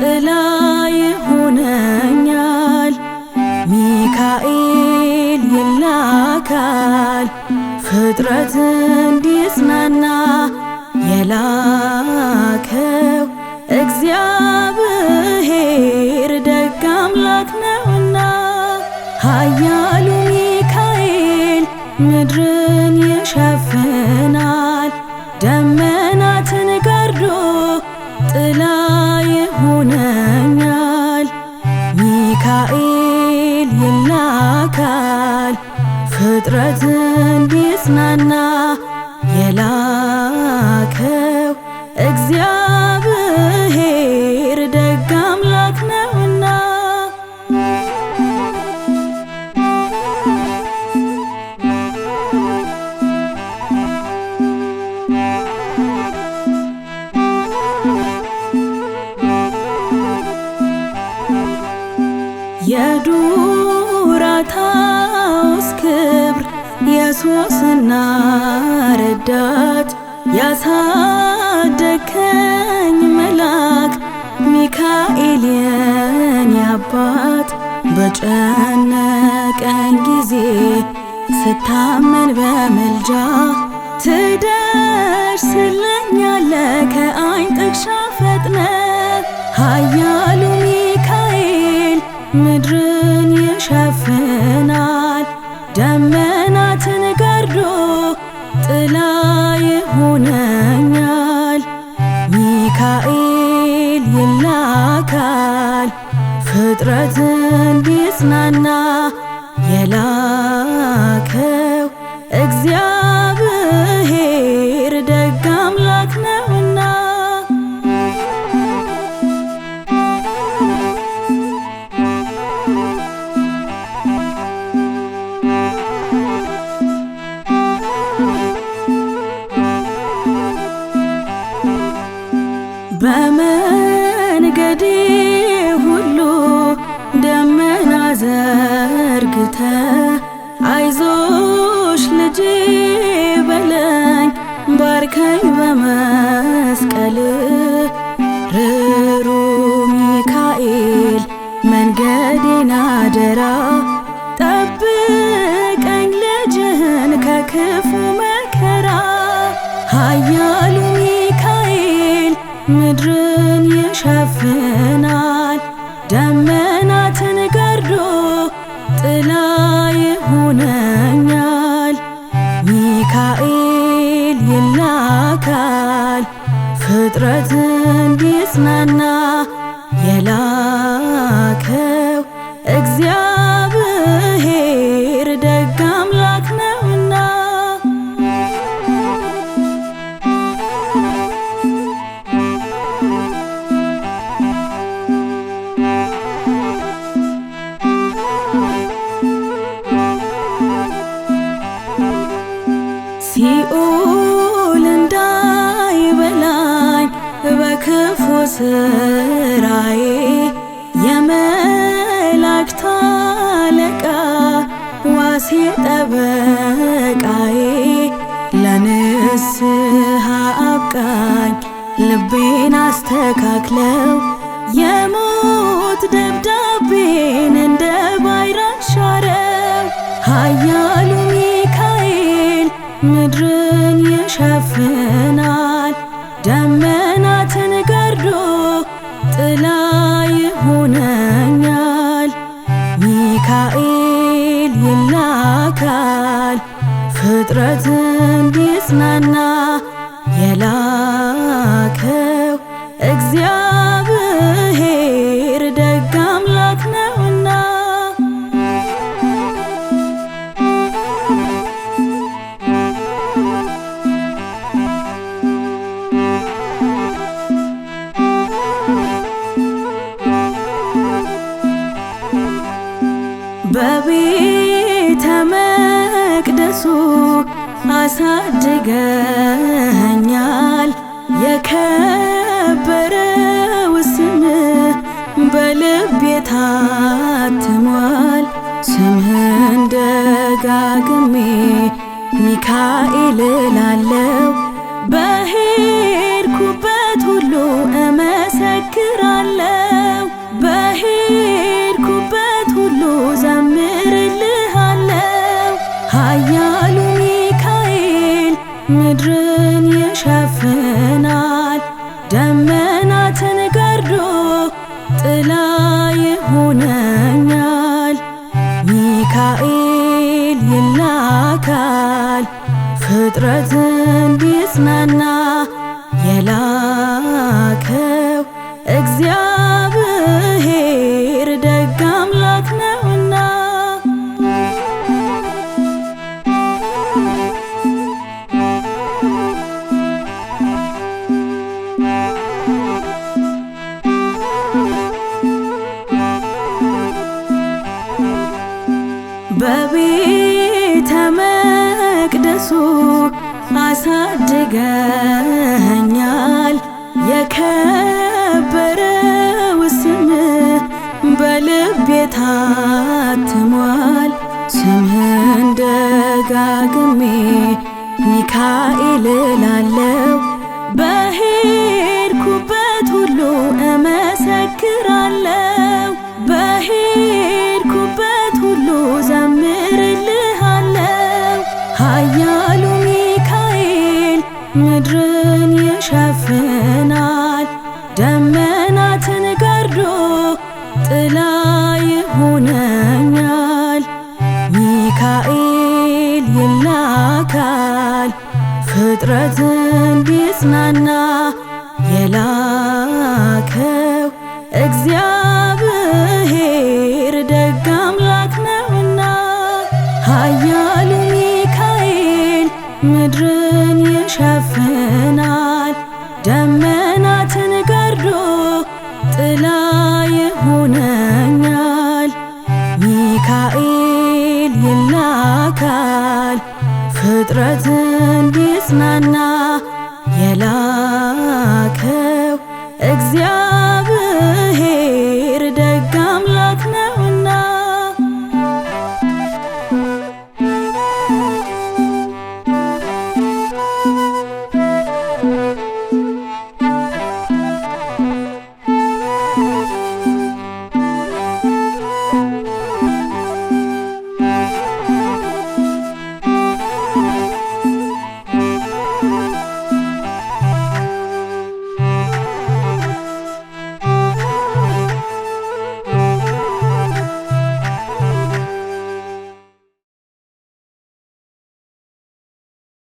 ጥላ ይሆነኛል ሚካኤል ይላካል ፍጥረት እንዲጽናና የላከው እግዚአብሔር ደግ አምላክ ነውና ኃያሉ ሚካኤል ምድርን ይሸፍናል ደመናትን ጋርዶ ጥላ ሚካኤል ይላካል ፍጥረትን ቢጽናና የላከው እግዚአብሔር ኢየሱስና ረዳት ያሳደከኝ መልአክ ሚካኤል የኔ አባት በጨነቀኝ ጊዜ ስታመን በምልጃ ትደርስልኛለ ከአይን ጥቅሻ ፈጥነ ኃያሉ ሚካኤል ምድርን የሸፍን ጥላ የሆነ በመንገዴ ሁሉ ደመና ዘርግተ አይዞሽ ልጄ በለኝ ባርከኝ በመስቀል ምድርን ይሸፍናል ደመናትን ገርዶ ጥላ ይሆነኛል። ሚካኤል ይላካል ፍጥረት እንዲጽናና የላ ስራዬ የመላእክት አለቃ ዋሴ ጠበቃዬ ለንስሐ አብቃኝ ልቤን አስተካክለው የሞት ደብዳቤን እንደ ባይራን ሻረው ኃያሉ ሚካኤል ምድርን የሸፍን ይተካል ፍጥረት እንዲጽናና የላከ አሳድገኛል የከበረው ስም በልቤ ታትሟል። ስምህን ደጋግሜ ሚካኤል ይሸፍናል ደመናትን ገርዶ ጥላ ይሆነኛል። ሚካኤል ይላካል ፍጥረትን እንዲጽናና የላከል በቤተ መቅደሱ አሳድገኛል። የከበረው ስም በልቤ ታትሟል። ስምህን ደጋግሜ ሚካኤል ላለ ሆነኛል። ሚካኤል ይላካል ፍጥረት ቢጽናና የላከው እግዚአብሔር ደግ አምላክ ነውና ኃያሉ ሚካኤል ምድር ኃይል ይላካል ፍጥረት እንዲጽናና የላከው thank you